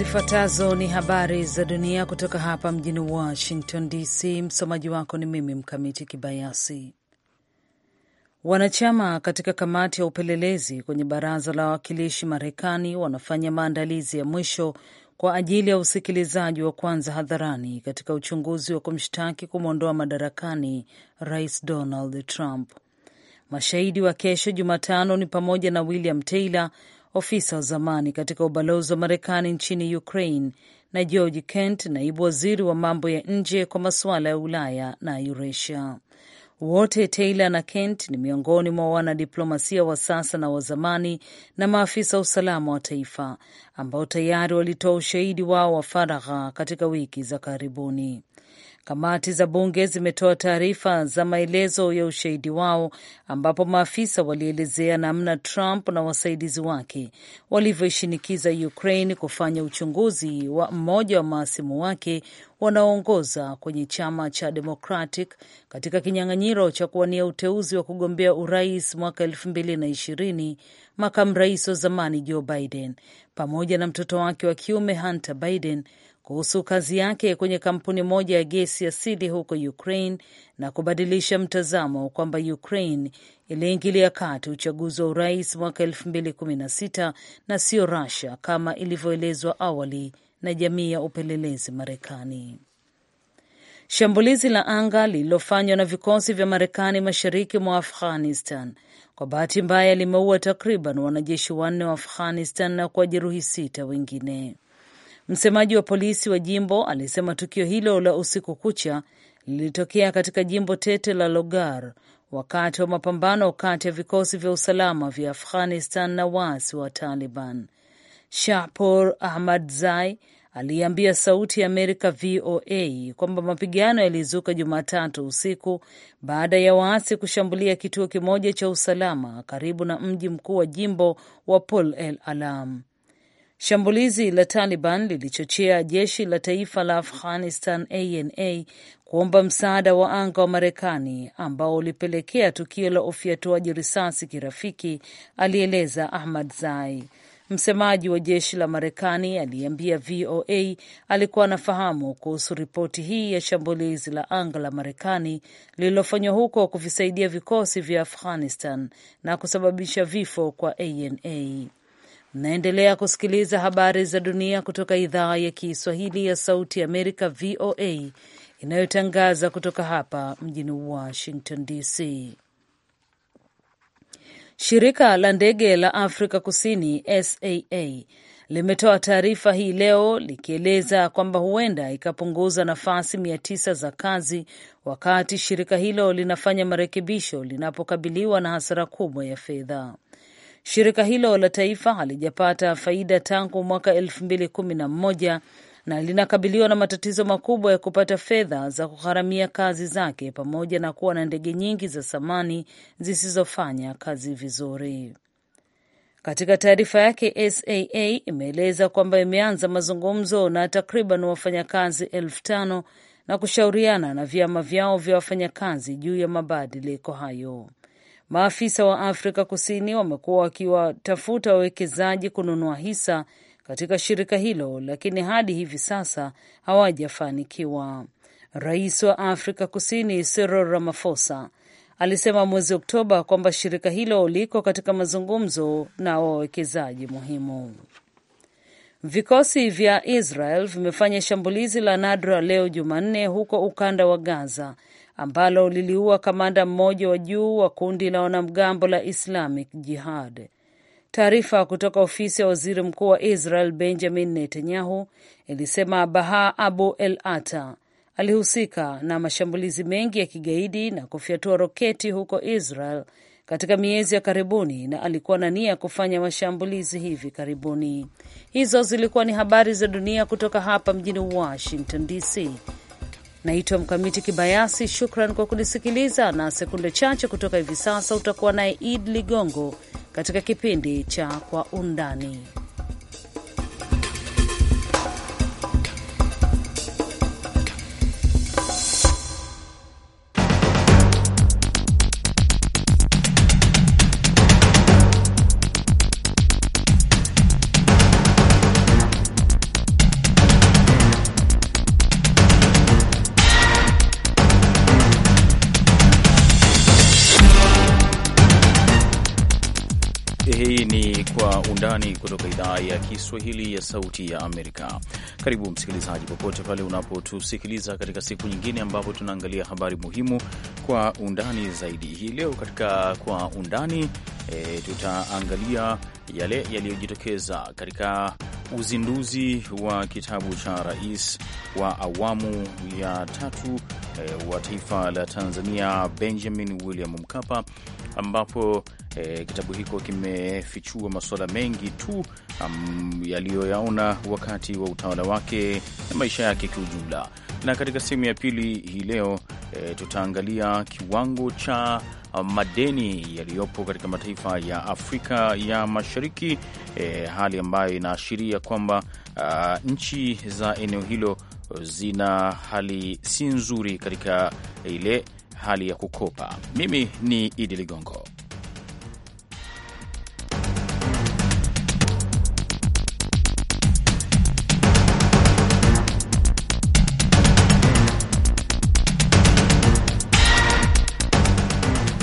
Zifuatazo ni habari za dunia kutoka hapa mjini Washington DC. Msomaji wako ni mimi Mkamiti Kibayasi. Wanachama katika kamati ya upelelezi kwenye baraza la wawakilishi Marekani wanafanya maandalizi ya mwisho kwa ajili ya usikilizaji wa kwanza hadharani katika uchunguzi wa kumshtaki kumwondoa madarakani Rais Donald Trump. Mashahidi wa kesho Jumatano ni pamoja na William Taylor ofisa wa zamani katika ubalozi wa Marekani nchini Ukraine, na George Kent, naibu waziri wa mambo ya nje kwa masuala ya Ulaya na Eurasia. Wote Taylor na Kent ni miongoni mwa wanadiplomasia wa sasa na wa zamani na maafisa wa usalama wa taifa ambao tayari walitoa ushahidi wao wa faragha katika wiki za karibuni. Kamati za bunge zimetoa taarifa za maelezo ya ushahidi wao ambapo maafisa walielezea namna Trump na wasaidizi wake walivyoishinikiza Ukraine kufanya uchunguzi wa mmoja wa maasimu wake wanaoongoza kwenye chama cha Democratic katika kinyang'anyiro cha kuwania uteuzi wa kugombea urais mwaka elfu mbili na ishirini, makamu rais wa zamani Joe Biden pamoja na mtoto wake wa kiume Hunter Biden kuhusu kazi yake kwenye kampuni moja ya gesi asili huko Ukraine na kubadilisha mtazamo kwamba Ukraine iliingilia kati uchaguzi wa urais mwaka 2016 na sio Russia kama ilivyoelezwa awali na jamii ya upelelezi Marekani. Shambulizi la anga lililofanywa na vikosi vya Marekani mashariki mwa Afghanistan kwa bahati mbaya limeua takriban wanajeshi wanne wa Afghanistan na kuwajeruhi sita wengine. Msemaji wa polisi wa jimbo alisema tukio hilo la usiku kucha lilitokea katika jimbo tete la Logar wakati wa mapambano kati ya vikosi vya usalama vya Afghanistan na waasi wa Taliban. Shahpor zai aliambia Sauti ya Amerika VOA kwamba mapigano yalizuka Jumatatu usiku baada ya waasi kushambulia kituo kimoja cha usalama karibu na mji mkuu wa jimbo wa Pul El Alam. Shambulizi la Taliban lilichochea jeshi la taifa la Afghanistan ana kuomba msaada wa anga wa Marekani ambao ulipelekea tukio la ufyatuaji risasi kirafiki, alieleza Ahmad Zai. Msemaji wa jeshi la Marekani aliyeambia VOA alikuwa anafahamu kuhusu ripoti hii ya shambulizi la anga la Marekani lililofanywa huko kuvisaidia vikosi vya Afghanistan na kusababisha vifo kwa ana. Mnaendelea kusikiliza habari za dunia kutoka idhaa ya Kiswahili ya Sauti ya Amerika, VOA, inayotangaza kutoka hapa mjini Washington DC. Shirika la ndege la Afrika Kusini SAA limetoa taarifa hii leo likieleza kwamba huenda ikapunguza nafasi mia tisa za kazi wakati shirika hilo linafanya marekebisho linapokabiliwa na hasara kubwa ya fedha. Shirika hilo la taifa halijapata faida tangu mwaka elfu mbili kumi na mmoja na linakabiliwa na matatizo makubwa ya kupata fedha za kugharamia kazi zake pamoja na kuwa na ndege nyingi za samani zisizofanya kazi vizuri. Katika taarifa yake, SAA imeeleza kwamba imeanza mazungumzo na takriban wafanyakazi elfu tano na kushauriana na vyama vyao vya wafanyakazi juu ya mabadiliko hayo. Maafisa wa Afrika Kusini wamekuwa wakiwatafuta wawekezaji kununua hisa katika shirika hilo, lakini hadi hivi sasa hawajafanikiwa. Rais wa Afrika Kusini Cyril Ramaphosa alisema mwezi Oktoba kwamba shirika hilo liko katika mazungumzo na wawekezaji muhimu. Vikosi vya Israel vimefanya shambulizi la nadra leo Jumanne huko ukanda wa Gaza ambalo liliua kamanda mmoja wa juu wa kundi la wanamgambo la Islamic Jihad. Taarifa kutoka ofisi ya waziri mkuu wa Israel Benjamin Netanyahu ilisema Baha Abu El Ata alihusika na mashambulizi mengi ya kigaidi na kufyatua roketi huko Israel katika miezi ya karibuni na alikuwa na nia ya kufanya mashambulizi hivi karibuni. Hizo zilikuwa ni habari za dunia kutoka hapa mjini Washington DC. Naitwa Mkamiti Kibayasi. Shukran kwa kunisikiliza, na sekunde chache kutoka hivi sasa utakuwa naye Id Ligongo katika kipindi cha Kwa Undani. ya Kiswahili ya Sauti ya Amerika. Karibu msikilizaji, popote pale unapotusikiliza katika siku nyingine ambapo tunaangalia habari muhimu kwa undani zaidi. Hii leo katika kwa undani e, tutaangalia yale yaliyojitokeza katika uzinduzi wa kitabu cha rais wa awamu ya tatu e, wa taifa la Tanzania Benjamin William Mkapa ambapo e, kitabu hiko kimefichua masuala mengi tu um, yaliyoyaona wakati wa utawala wake na maisha yake kiujumla. Na katika sehemu ya pili hii leo e, tutaangalia kiwango cha madeni yaliyopo katika mataifa ya Afrika ya Mashariki, e, hali ambayo inaashiria kwamba uh, nchi za eneo hilo zina hali si nzuri katika ile hali ya kukopa. Mimi ni Idi Ligongo.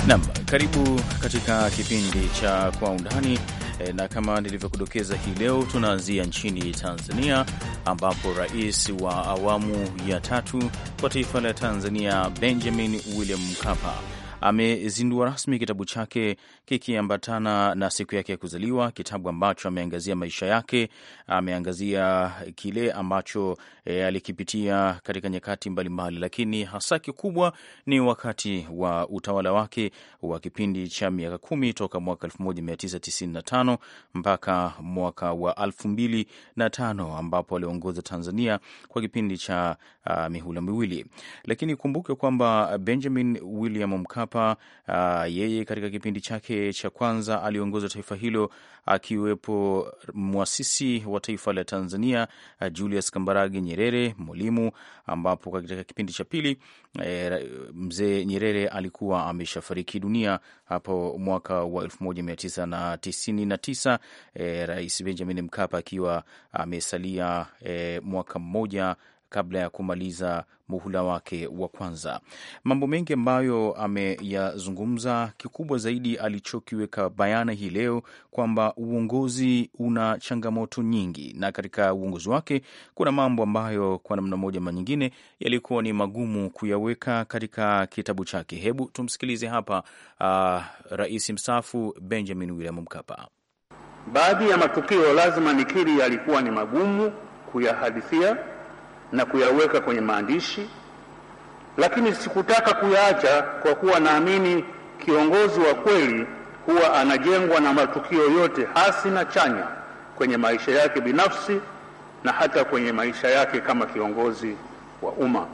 Nam, karibu katika kipindi cha Kwa Undani e, na kama nilivyokudokeza hii leo tunaanzia nchini Tanzania ambapo rais wa awamu ya tatu kwa taifa la Tanzania Benjamin William Mkapa amezindua rasmi kitabu chake kikiambatana na siku yake ya kuzaliwa, kitabu ambacho ameangazia maisha yake, ameangazia kile ambacho e, alikipitia katika nyakati mbalimbali mbali, lakini hasa kikubwa ni wakati wa utawala wake wa kipindi cha miaka kumi toka mwaka 1995 mpaka mwaka wa 2005 ambapo aliongoza Tanzania kwa kipindi cha uh, mihula miwili, lakini kumbuke kwamba Benjamin William Mkapa hapa uh, yeye katika kipindi chake cha kwanza aliongoza taifa hilo akiwepo mwasisi wa taifa la Tanzania uh, Julius Kambarage Nyerere, mwalimu, ambapo katika kipindi cha pili eh, mzee Nyerere alikuwa ameshafariki dunia hapo mwaka wa 1999 eh, Rais Benjamin Mkapa akiwa amesalia eh, mwaka mmoja kabla ya kumaliza muhula wake wa kwanza. Mambo mengi ambayo ameyazungumza, kikubwa zaidi alichokiweka bayana hii leo kwamba uongozi una changamoto nyingi, na katika uongozi wake kuna mambo ambayo kwa namna moja ama nyingine yalikuwa ni magumu kuyaweka katika kitabu chake. Hebu tumsikilize hapa, uh, rais mstaafu Benjamin William Mkapa. Baadhi ya matukio lazima nikiri, yalikuwa ni magumu kuyahadithia na kuyaweka kwenye maandishi, lakini sikutaka kuyaacha kwa kuwa naamini kiongozi wa kweli huwa anajengwa na matukio yote hasi na chanya kwenye maisha yake binafsi na hata kwenye maisha yake kama kiongozi wa umma.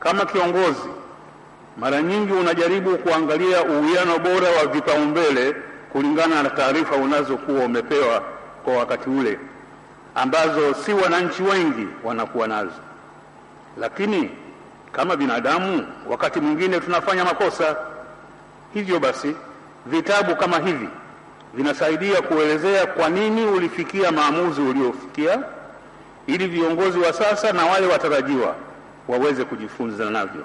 Kama kiongozi, mara nyingi unajaribu kuangalia uwiano bora wa vipaumbele kulingana na taarifa unazokuwa umepewa kwa wakati ule ambazo si wananchi wengi wanakuwa nazo, lakini kama binadamu wakati mwingine tunafanya makosa. Hivyo basi vitabu kama hivi vinasaidia kuelezea kwa nini ulifikia maamuzi uliofikia, ili viongozi wa sasa na wale watarajiwa waweze kujifunza navyo.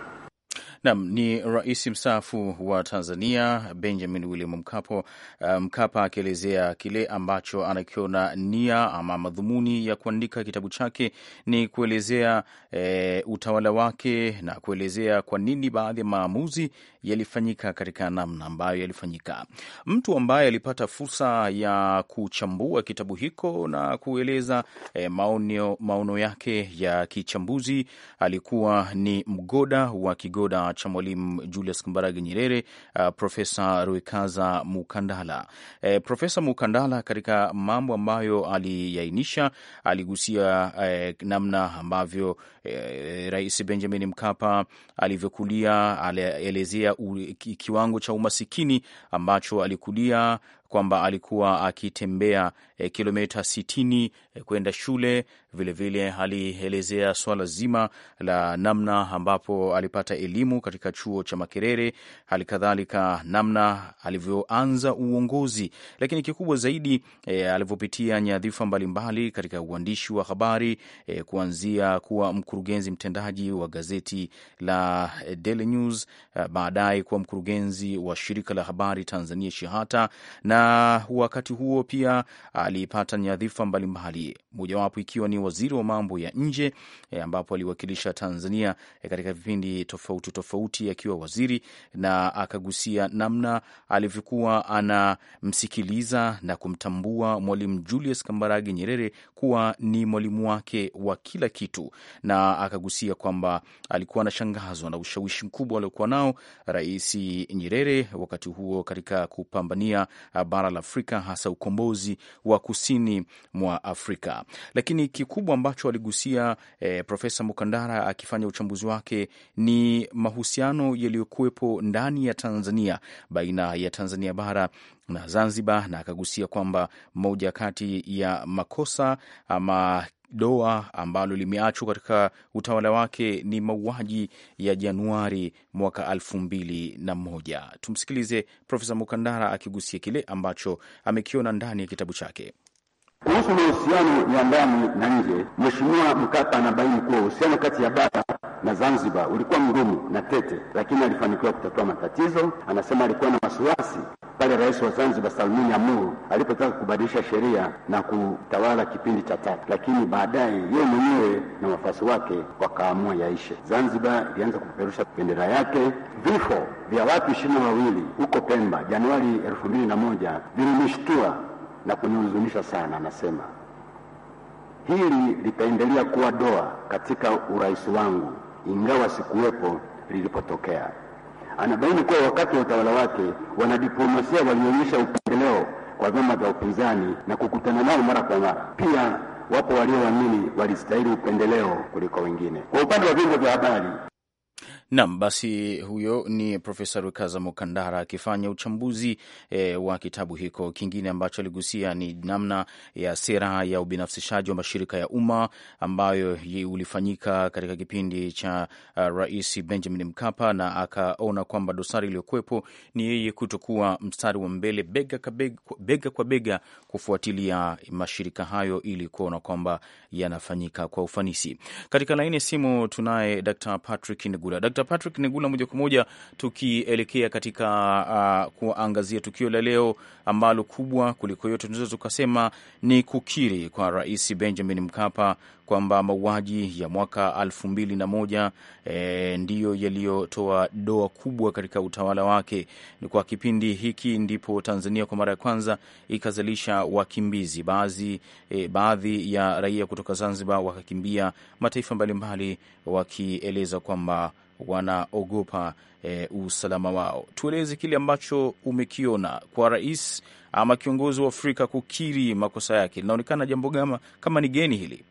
Nam ni rais mstaafu wa Tanzania Benjamin William Mkapo, eh, Mkapa akielezea kile ambacho anakiona nia ama madhumuni ya kuandika kitabu chake ni kuelezea e, utawala wake na kuelezea kwa nini baadhi ya maamuzi yalifanyika katika namna ambayo yalifanyika. Mtu ambaye alipata fursa ya kuchambua kitabu hiko na kueleza e, maono yake ya kichambuzi alikuwa ni mgoda wa kigoda cha Mwalimu Julius Kambarage Nyerere, uh, Profesa Ruikaza Mukandala. E, Profesa Mukandala katika mambo ambayo aliyainisha aligusia e, namna ambavyo Eh, eh, Rais Benjamin Mkapa alivyokulia, alielezea kiwango cha umasikini ambacho alikulia kwamba alikuwa akitembea e, kilomita 60 e, eh, kwenda shule. Vilevile alielezea swala zima la namna ambapo alipata elimu katika chuo cha Makerere, hali kadhalika namna alivyoanza uongozi, lakini kikubwa zaidi e, alivyopitia nyadhifa mbalimbali katika uandishi wa habari e, kuanzia kuwa mkurugenzi mtendaji wa gazeti la Daily News, baadaye kuwa mkurugenzi wa shirika la habari Tanzania Shihata, na wakati huo pia aliipata nyadhifa mbalimbali, mojawapo ikiwa ni waziri wa mambo ya nje e, ambapo aliwakilisha Tanzania e, katika vipindi tofauti tofauti akiwa waziri, na akagusia namna alivyokuwa anamsikiliza na kumtambua Mwalimu Julius Kambarage Nyerere kuwa ni mwalimu wake wa kila kitu, na akagusia kwamba alikuwa anashangazwa na ushawishi mkubwa aliokuwa nao Rais Nyerere wakati huo katika kupambania e, bara la Afrika, hasa ukombozi wa kusini mwa Afrika. Lakini kikubwa ambacho aligusia e, Profesa Mukandara akifanya uchambuzi wake ni mahusiano yaliyokuwepo ndani ya Tanzania baina ya Tanzania bara na Zanzibar, na akagusia kwamba moja kati ya makosa ama doa ambalo limeachwa katika utawala wake ni mauaji ya Januari mwaka elfu mbili na moja. Tumsikilize Profesa Mukandara akigusia kile ambacho amekiona ndani ya kitabu chake kuhusu mahusiano ya ndani na nje. Mheshimiwa Mkapa anabaini kuwa uhusiano kati ya bara na Zanzibar ulikuwa mgumu na tete, lakini alifanikiwa kutatua matatizo. Anasema alikuwa na wasiwasi pale Rais wa Zanzibar Salmini amur alipotaka kubadilisha sheria na kutawala kipindi cha tatu, lakini baadaye yeye mwenyewe na wafuasi wake wakaamua yaishe. Zanzibar ilianza kupeperusha bendera yake. Vifo vya watu ishirini na wawili huko Pemba Januari elfu mbili na moja vilinishtua na kunihuzunisha sana. Anasema hili litaendelea kuwa doa katika urais wangu, ingawa sikuwepo lilipotokea anabaini kuwa wakati wa utawala wake wanadiplomasia walionyesha upendeleo kwa vyama vya upinzani na kukutana nao mara kwa mara. Pia wapo walioamini walistahili upendeleo kuliko wengine. Kwa upande wa vyombo vya habari, Nam, basi huyo ni Profesa Rukaza Mukandara akifanya uchambuzi e, wa kitabu hiko. Kingine ambacho aligusia ni namna ya sera ya ubinafsishaji wa mashirika ya umma ambayo ulifanyika katika kipindi cha uh, Rais Benjamin Mkapa, na akaona kwamba dosari iliyokuwepo ni yeye kutokuwa mstari wa mbele bega kwa bega, bega kwa bega kufuatilia mashirika hayo ili kuona kwamba yanafanyika kwa ufanisi. Katika laini ya simu tunaye Dr Patrick Ngula. Dr. Dr. Patrick Negula, moja kwa moja tukielekea katika uh, kuangazia tukio la leo ambalo kubwa kuliko yote tunaweza tukasema ni kukiri kwa Rais Benjamin Mkapa kwamba mauaji ya mwaka alfu mbili na moja e, ndiyo yaliyotoa doa kubwa katika utawala wake. Kwa kipindi hiki ndipo Tanzania kwa mara ya kwanza ikazalisha wakimbizi baadhi, e, baadhi ya raia kutoka Zanzibar wakakimbia mataifa mbalimbali wakieleza kwamba wanaogopa e, usalama wao. Tueleze kile ambacho umekiona kwa rais ama kiongozi wa Afrika kukiri makosa yake, linaonekana jambo gama kama ni geni hili.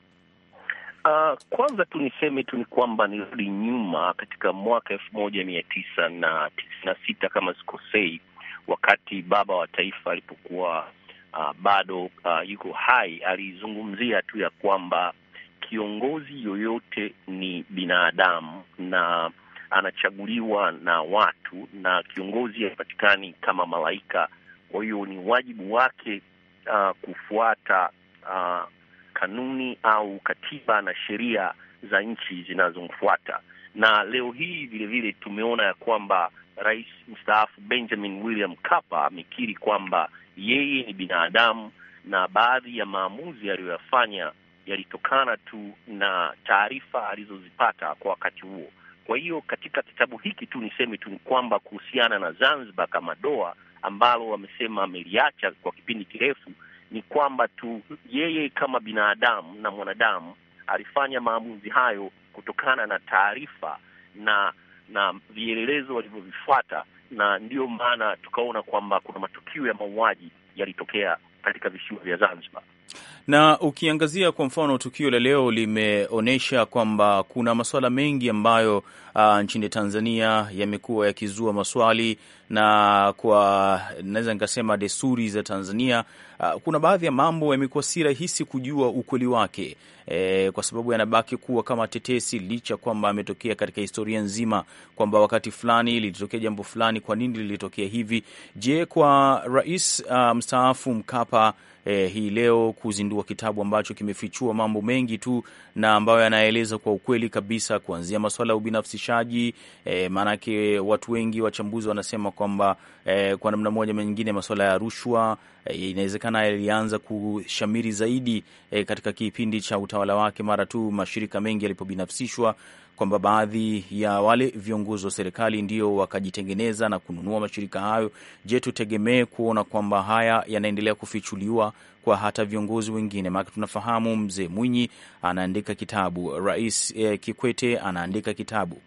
Uh, kwanza tu niseme tu ni kwamba nirudi nyuma katika mwaka elfu moja mia tisa na tisini na sita kama sikosei, wakati baba wa taifa alipokuwa uh, bado uh, yuko hai, alizungumzia tu ya kwamba kiongozi yoyote ni binadamu na anachaguliwa na watu, na kiongozi hapatikani kama malaika. Kwa hiyo ni wajibu wake uh, kufuata uh, kanuni au katiba na sheria za nchi zinazomfuata. Na leo hii vilevile tumeona ya kwamba rais mstaafu Benjamin William Mkapa amekiri kwamba yeye ni binadamu na baadhi ya maamuzi aliyoyafanya yalitokana tu na taarifa alizozipata kwa wakati huo. Kwa hiyo katika kitabu hiki tu niseme tu ni kwamba kuhusiana na Zanzibar kama doa ambalo wamesema ameliacha kwa kipindi kirefu, ni kwamba tu yeye kama binadamu na mwanadamu alifanya maamuzi hayo kutokana na taarifa na na vielelezo walivyovifuata, na ndiyo maana tukaona kwamba kuna matukio ya mauaji yalitokea katika visiwa vya Zanzibar. Na ukiangazia kwa mfano tukio la leo limeonyesha kwamba kuna masuala mengi ambayo uh, nchini Tanzania yamekuwa yakizua maswali, na kwa naweza nikasema desturi za Tanzania uh, kuna baadhi ya mambo yamekuwa si rahisi kujua ukweli wake e, kwa sababu yanabaki kuwa kama tetesi, licha kwamba ametokea katika historia nzima kwamba wakati fulani lilitokea jambo fulani. Kwa nini lilitokea hivi? Je, kwa rais uh, mstaafu Mkapa e, hii leo kuzindua kitabu ambacho kimefichua mambo mengi tu na ambayo yanaeleza kwa ukweli kabisa kuanzia masuala ya ubinafsishaji e, maanake watu wengi wachambuzi wanasema kwamba e, kwa namna moja nyingine masuala ya rushwa e, inawezekana yalianza kushamiri zaidi e, katika kipindi cha utawala wake mara tu mashirika mengi yalipobinafsishwa kwamba baadhi ya wale viongozi wa serikali ndio wakajitengeneza na kununua mashirika hayo. Je, tutegemee kuona kwamba haya yanaendelea kufichuliwa kwa hata viongozi wengine? Maana tunafahamu mzee Mwinyi anaandika kitabu, Rais eh, Kikwete anaandika kitabu.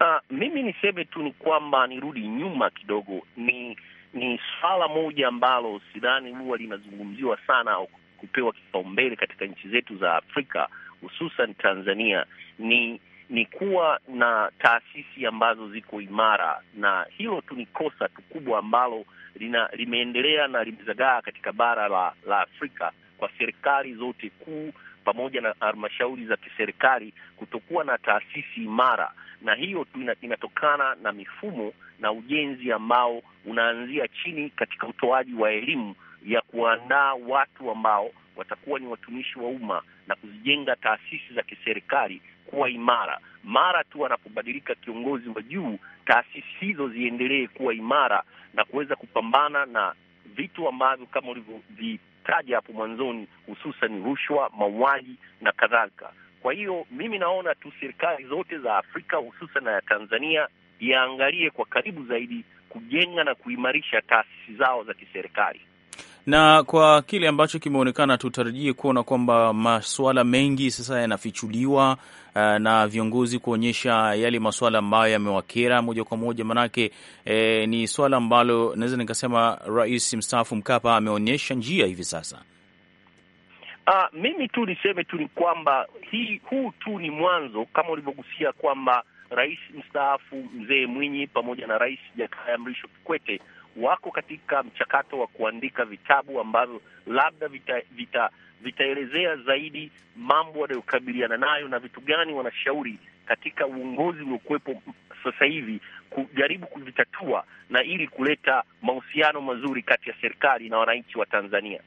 Uh, mimi niseme tu ni kwamba nirudi nyuma kidogo, ni ni swala moja ambalo sidhani huwa linazungumziwa sana au kupewa kipaumbele katika nchi zetu za Afrika hususan Tanzania ni ni kuwa na taasisi ambazo ziko imara, na hilo tu ni kosa tu kubwa ambalo lina, limeendelea na limezagaa katika bara la, la Afrika kwa serikali zote kuu pamoja na halmashauri za kiserikali kutokuwa na taasisi imara, na hiyo tu inatokana na mifumo na ujenzi ambao unaanzia chini katika utoaji wa elimu ya kuandaa watu ambao watakuwa ni watumishi wa umma na kuzijenga taasisi za kiserikali kuwa imara. Mara tu anapobadilika kiongozi wa juu, taasisi hizo ziendelee kuwa imara na kuweza kupambana na vitu ambavyo kama ulivyovitaja hapo mwanzoni, hususan rushwa, mauaji na kadhalika. Kwa hiyo mimi naona tu serikali zote za Afrika hususan na ya Tanzania yaangalie kwa karibu zaidi kujenga na kuimarisha taasisi zao za kiserikali na kwa kile ambacho kimeonekana, tutarajie kuona kwamba masuala mengi sasa yanafichuliwa eh, na viongozi kuonyesha yale masuala ambayo yamewakera moja kwa moja. Manake e, ni swala ambalo naweza nikasema rais mstaafu Mkapa ameonyesha njia hivi sasa. Uh, mimi tu niseme tu ni kwamba hii huu tu ni mwanzo, kama ulivyogusia kwamba rais mstaafu Mzee Mwinyi pamoja na rais Jakaya Mrisho Kikwete wako katika mchakato wa kuandika vitabu ambavyo labda vitaelezea vita, vita zaidi mambo wanayokabiliana nayo na vitu gani wanashauri katika uongozi uliokuwepo sasa hivi kujaribu kuvitatua na ili kuleta mahusiano mazuri kati ya serikali na wananchi wa Tanzania.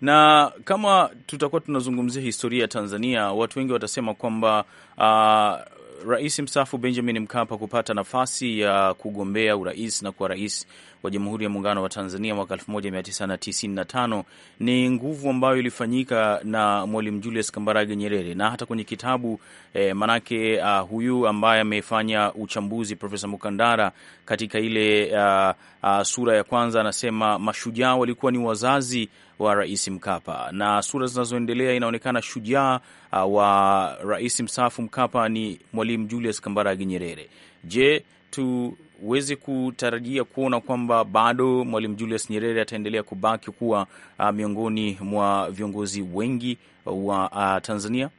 Na kama tutakuwa tunazungumzia historia ya Tanzania, watu wengi watasema kwamba uh, Rais mstaafu Benjamin Mkapa kupata nafasi ya kugombea urais na kuwa rais wa Jamhuri ya Muungano wa Tanzania mwaka 1995 ni nguvu ambayo ilifanyika na Mwalimu Julius Kambarage Nyerere, na hata kwenye kitabu eh, manake uh, huyu ambaye amefanya uchambuzi Profesa Mukandara katika ile uh, uh, sura ya kwanza anasema mashujaa walikuwa ni wazazi wa Rais Mkapa, na sura zinazoendelea inaonekana shujaa uh, wa rais mstaafu Mkapa ni Mwalimu Julius Kambarage Nyerere. Je, tuweze kutarajia kuona kwamba bado Mwalimu Julius Nyerere ataendelea kubaki kuwa uh, miongoni mwa viongozi wengi wa uh, Tanzania?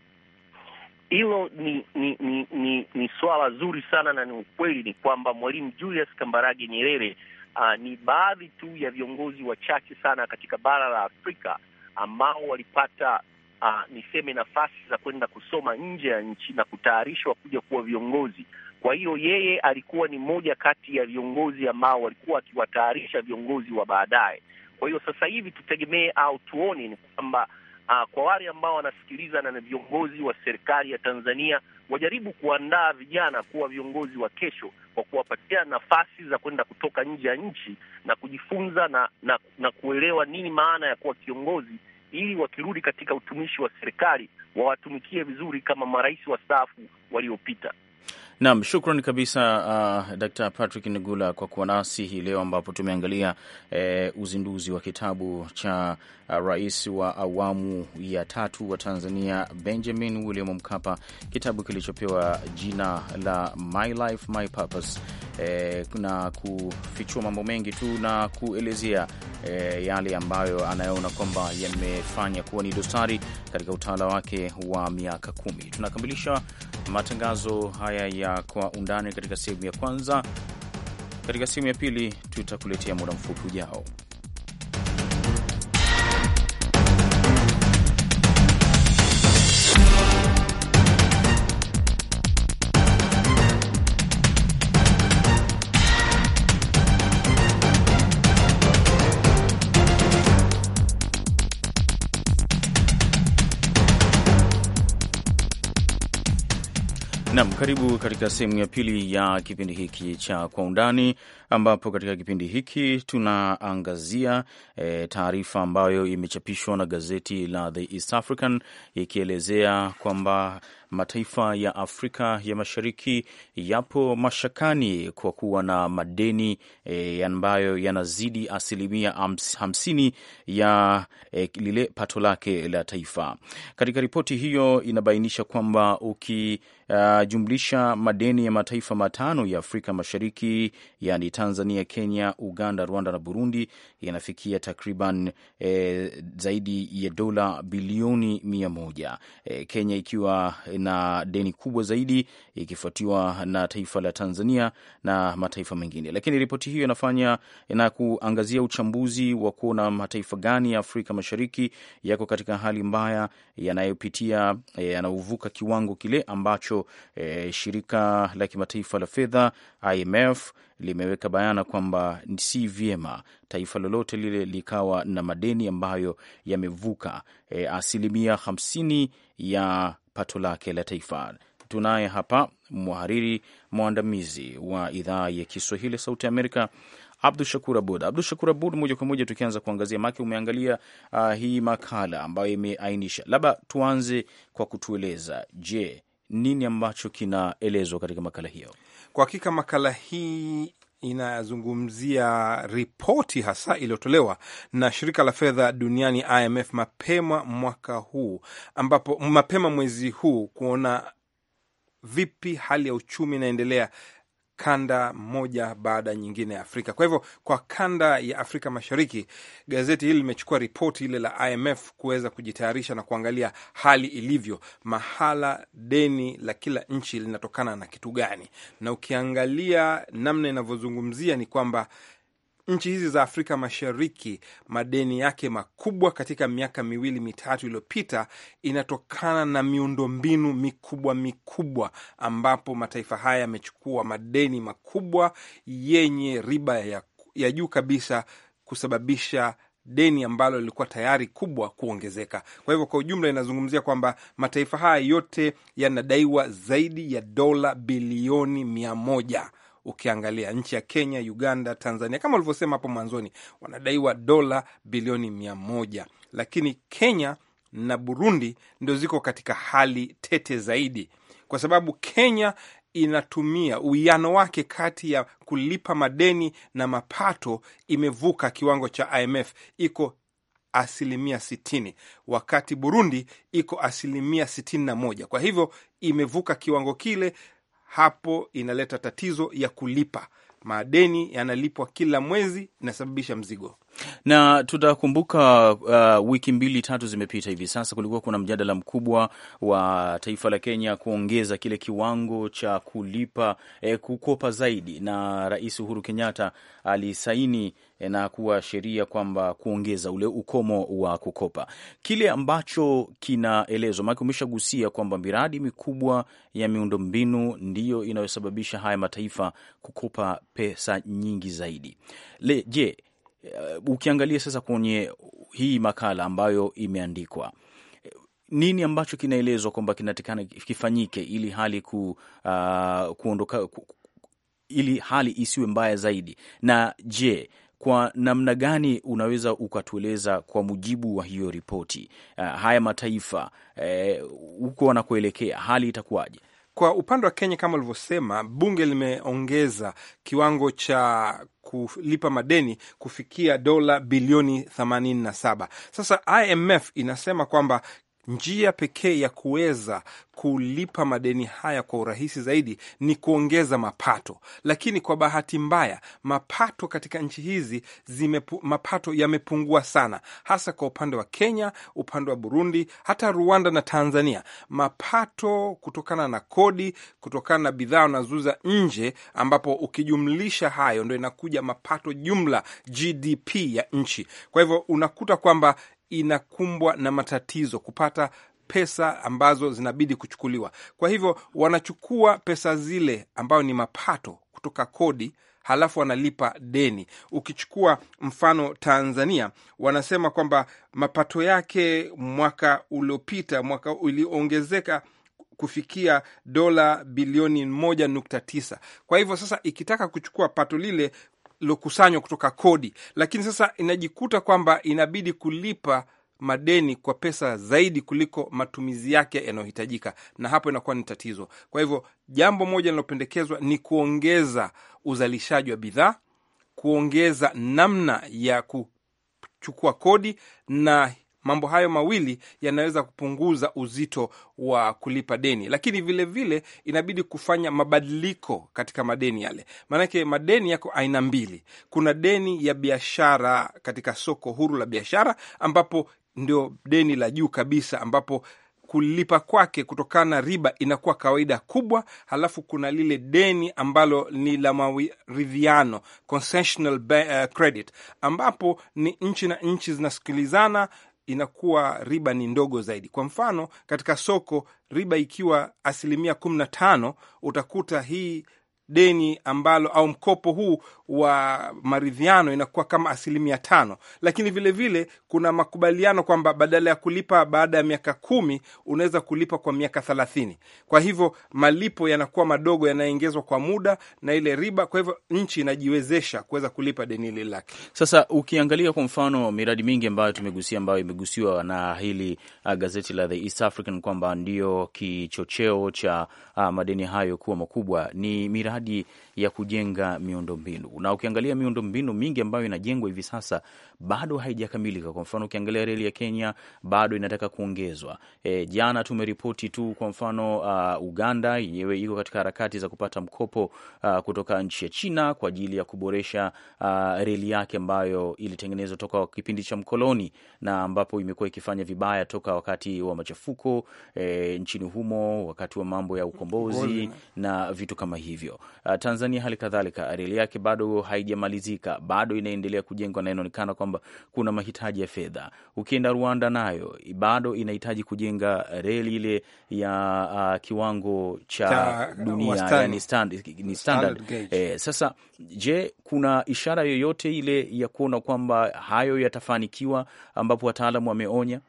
Hilo ni ni, ni, ni ni swala zuri sana, na ni ukweli ni kwamba Mwalimu Julius Kambarage Nyerere uh, ni baadhi tu ya viongozi wachache sana katika bara la Afrika ambao walipata uh, niseme nafasi za kwenda kusoma nje ya nchi na kutayarishwa kuja kuwa viongozi. Kwa hiyo yeye alikuwa ni mmoja kati ya viongozi ambao walikuwa akiwatayarisha viongozi wa baadaye. Kwa hiyo sasa hivi tutegemee au tuone ni kwamba Uh, kwa wale ambao wanasikiliza na viongozi wa serikali ya Tanzania wajaribu kuandaa vijana kuwa viongozi wa kesho kwa kuwapatia nafasi za kwenda kutoka nje ya nchi na kujifunza na, na, na kuelewa nini maana ya kuwa kiongozi ili wakirudi katika utumishi wa serikali wawatumikie vizuri kama marais wastaafu waliopita. Nam, shukran kabisa uh, Dr. Patrick Ngula kwa kuwa nasi hii leo ambapo tumeangalia eh, uzinduzi wa kitabu cha uh, rais wa awamu ya tatu wa Tanzania Benjamin William Mkapa, kitabu kilichopewa jina la My Life My Purpose eh, na kufichua mambo mengi tu na kuelezea eh, yale ambayo anayoona kwamba yamefanya kuwa ni dosari katika utawala wake wa miaka kumi. Tunakamilisha matangazo haya ya kwa Undani katika sehemu ya kwanza. Katika sehemu ya pili tutakuletea muda mfupi ujao. Karibu katika sehemu ya pili ya kipindi hiki cha Kwa Undani, ambapo katika kipindi hiki tunaangazia e, taarifa ambayo imechapishwa na gazeti la The East African ikielezea kwamba mataifa ya Afrika ya Mashariki yapo mashakani kwa kuwa na madeni e, ambayo yanazidi asilimia hamsini ya e, lile pato lake la taifa. Katika ripoti hiyo inabainisha kwamba ukijumlisha kurudisha madeni ya mataifa matano ya Afrika Mashariki, yaani Tanzania, Kenya, Uganda, Rwanda na Burundi, yanafikia takriban e, zaidi ya dola bilioni mia moja, e, Kenya ikiwa na deni kubwa zaidi ikifuatiwa na taifa la Tanzania na mataifa mengine. Lakini ripoti hiyo inafanya na kuangazia uchambuzi wa kuona mataifa gani ya Afrika Mashariki yako katika hali mbaya yanayopitia eh, yanauvuka kiwango kile ambacho eh, shirika la kimataifa la fedha IMF limeweka bayana kwamba si vyema taifa lolote lile likawa na madeni ambayo yamevuka e, asilimia hamsini ya pato lake la taifa. Tunaye hapa mhariri mwandamizi wa idhaa ya Kiswahili Sauti Amerika Abdu Shakur Abud. Abdu Shakur Abud, moja kwa moja tukianza kuangazia make, umeangalia uh, hii makala ambayo imeainisha, labda tuanze kwa kutueleza, je, nini ambacho kinaelezwa katika makala hiyo? Kwa hakika makala hii inazungumzia ripoti hasa iliyotolewa na shirika la fedha duniani IMF mapema mwaka huu, ambapo mapema mwezi huu kuona vipi hali ya uchumi inaendelea kanda moja baada nyingine ya Afrika. Kwa hivyo kwa kanda ya Afrika Mashariki, gazeti hili limechukua ripoti ile la IMF kuweza kujitayarisha na kuangalia hali ilivyo, mahala deni la kila nchi linatokana na kitu gani, na ukiangalia namna inavyozungumzia ni kwamba nchi hizi za Afrika Mashariki madeni yake makubwa katika miaka miwili mitatu iliyopita inatokana na miundombinu mikubwa mikubwa, ambapo mataifa haya yamechukua madeni makubwa yenye riba ya, ya juu kabisa kusababisha deni ambalo lilikuwa tayari kubwa kuongezeka. Kwa hivyo, kwa ujumla inazungumzia kwamba mataifa haya yote yanadaiwa zaidi ya dola bilioni mia moja ukiangalia nchi ya Kenya, Uganda, Tanzania, kama ulivyosema hapo mwanzoni, wanadaiwa dola bilioni mia moja, lakini Kenya na Burundi ndio ziko katika hali tete zaidi, kwa sababu Kenya inatumia uwiano wake kati ya kulipa madeni na mapato, imevuka kiwango cha IMF, iko asilimia sitini wakati Burundi iko asilimia sitini na moja. Kwa hivyo imevuka kiwango kile hapo inaleta tatizo ya kulipa. Madeni yanalipwa kila mwezi, inasababisha mzigo na tutakumbuka uh, wiki mbili tatu zimepita hivi sasa, kulikuwa kuna mjadala mkubwa wa taifa la Kenya kuongeza kile kiwango cha kulipa eh, kukopa zaidi, na Rais Uhuru Kenyatta alisaini eh, na kuwa sheria kwamba kuongeza ule ukomo wa kukopa, kile ambacho kinaelezwa maake, umeshagusia kwamba miradi mikubwa ya miundombinu ndiyo inayosababisha haya mataifa kukopa pesa nyingi zaidi. Le, je Eh, ukiangalia sasa kwenye hii makala ambayo imeandikwa nini ambacho kinaelezwa kwamba kinatakana kifanyike ili hali ku, uh, kuondoka ku, ili hali isiwe mbaya zaidi. Na je, kwa namna gani unaweza ukatueleza kwa mujibu wa hiyo ripoti uh, haya mataifa eh, huko uh, wanakoelekea hali itakuwaje? Kwa upande wa Kenya, kama ulivyosema, bunge limeongeza kiwango cha kulipa madeni kufikia dola bilioni 87. Sasa IMF inasema kwamba njia pekee ya kuweza kulipa madeni haya kwa urahisi zaidi ni kuongeza mapato, lakini kwa bahati mbaya mapato katika nchi hizi zime, mapato yamepungua sana, hasa kwa upande wa Kenya, upande wa Burundi, hata Rwanda na Tanzania. Mapato kutokana na kodi, kutokana na bidhaa unazuza nje, ambapo ukijumlisha hayo ndo inakuja mapato jumla GDP ya nchi. Kwa hivyo unakuta kwamba inakumbwa na matatizo kupata pesa ambazo zinabidi kuchukuliwa. Kwa hivyo wanachukua pesa zile ambayo ni mapato kutoka kodi halafu wanalipa deni. Ukichukua mfano Tanzania, wanasema kwamba mapato yake mwaka uliopita, mwaka uliongezeka kufikia dola bilioni moja nukta tisa. Kwa hivyo sasa ikitaka kuchukua pato lile lokusanywa kutoka kodi, lakini sasa inajikuta kwamba inabidi kulipa madeni kwa pesa zaidi kuliko matumizi yake yanayohitajika, na hapo inakuwa ni tatizo. Kwa hivyo jambo moja linalopendekezwa ni kuongeza uzalishaji wa bidhaa, kuongeza namna ya kuchukua kodi na mambo hayo mawili yanaweza kupunguza uzito wa kulipa deni, lakini vilevile vile inabidi kufanya mabadiliko katika madeni yale, maanake madeni yako aina mbili. Kuna deni ya biashara katika soko huru la biashara, ambapo ndio deni la juu kabisa, ambapo kulipa kwake kutokana na riba inakuwa kawaida kubwa. Halafu kuna lile deni ambalo ni la maridhiano, concessional eh, credit, ambapo ni nchi na nchi zinasikilizana inakuwa riba ni ndogo zaidi. Kwa mfano, katika soko riba ikiwa asilimia kumi na tano utakuta hii deni ambalo au mkopo huu wa maridhiano inakuwa kama asilimia tano, lakini vilevile vile, kuna makubaliano kwamba badala ya kulipa baada ya miaka kumi unaweza kulipa kwa miaka thelathini. Kwa hivyo malipo yanakuwa madogo, yanaongezwa kwa muda na ile riba. Kwa hivyo nchi inajiwezesha kuweza kulipa deni hili lake. Sasa ukiangalia kwa mfano miradi mingi ambayo tumegusia, ambayo imegusiwa na hili uh, gazeti la The East African kwamba ndio kichocheo cha uh, madeni hayo kuwa makubwa ni miradi hadi ya kujenga miundombinu. Na ukiangalia miundombinu mingi ambayo inajengwa hivi sasa bado haijakamilika. Kwa mfano, ukiangalia reli ya Kenya bado inataka kuongezwa. E, jana tumeripoti tu kwa mfano uh, Uganda yenyewe iko katika harakati za kupata mkopo uh, kutoka nchi ya China kwa ajili ya kuboresha uh, reli yake ambayo ilitengenezwa toka kipindi cha mkoloni na ambapo imekuwa ikifanya vibaya toka wakati wa machafuko e, nchini humo wakati wa mambo ya ukombozi na vitu kama hivyo. Uh, Tanzania Tanzania hali kadhalika reli yake bado haijamalizika, bado inaendelea kujengwa na inaonekana kwamba kuna mahitaji ya fedha. Ukienda Rwanda nayo bado inahitaji kujenga reli ile ya uh, kiwango cha, cha dunia yani stand, ni standard eh. Sasa je, kuna ishara yoyote ile ya kuona kwamba hayo yatafanikiwa ambapo wataalamu wameonya?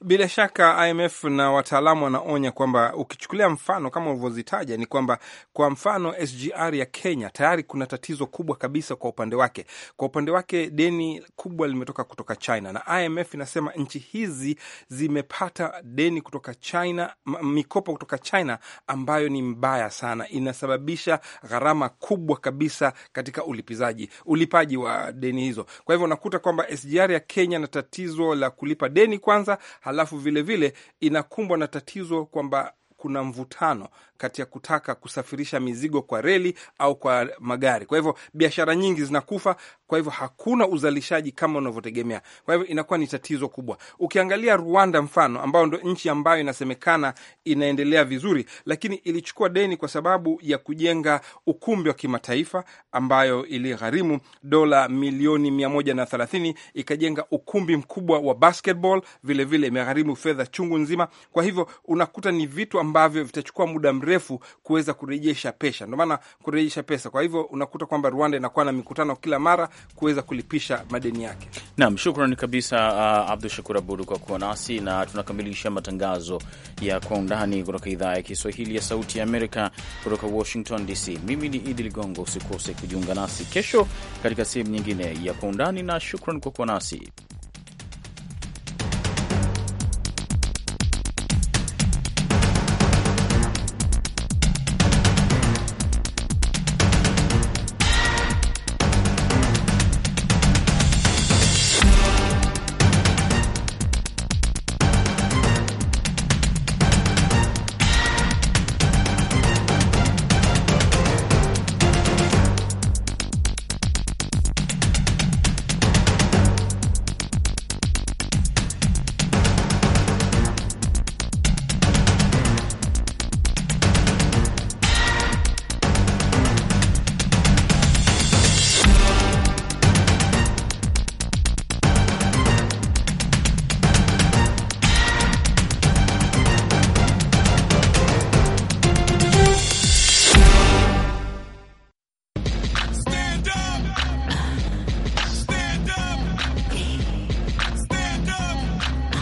Bila shaka IMF na wataalamu wanaonya kwamba ukichukulia mfano kama ulivyozitaja, ni kwamba kwa mfano SGR ya Kenya tayari kuna tatizo kubwa kabisa kwa upande wake. Kwa upande wake deni kubwa limetoka kutoka China, na IMF inasema nchi hizi zimepata deni kutoka China, mikopo kutoka China ambayo ni mbaya sana, inasababisha gharama kubwa kabisa katika ulipizaji, ulipaji wa deni hizo. Kwa hivyo unakuta kwamba SGR ya Kenya na tatizo la kulipa deni kwanza halafu vilevile vile inakumbwa na tatizo kwamba kuna mvutano kati ya kutaka kusafirisha mizigo kwa reli au kwa magari. Kwa hivyo biashara nyingi zinakufa, kwa hivyo hakuna uzalishaji kama unavyotegemea. Kwa hivyo inakuwa ni tatizo kubwa. Ukiangalia Rwanda mfano, ambayo ndo nchi ambayo inasemekana inaendelea vizuri, lakini ilichukua deni kwa sababu ya kujenga ukumbi wa kimataifa ambayo iligharimu dola milioni mia moja na thelathini ikajenga ukumbi mkubwa wa basketball, vilevile imegharimu fedha chungu nzima. Kwa hivyo unakuta ni vitu ambavyo vitachukua muda mrefu kuweza kurejesha pesa, ndio maana kurejesha pesa. Kwa hivyo unakuta kwamba Rwanda inakuwa na mikutano kila mara kuweza kulipisha madeni yake. Naam, shukrani kabisa uh, Abdu Shakur Abud kwa kuwa nasi na tunakamilisha matangazo ya kwa undani kutoka idhaa ya Kiswahili ya Sauti ya Amerika kutoka Washington DC. Mimi ni Idi Ligongo, usikose kujiunga nasi kesho katika sehemu nyingine ya kwa undani, na shukran kwa kuwa nasi.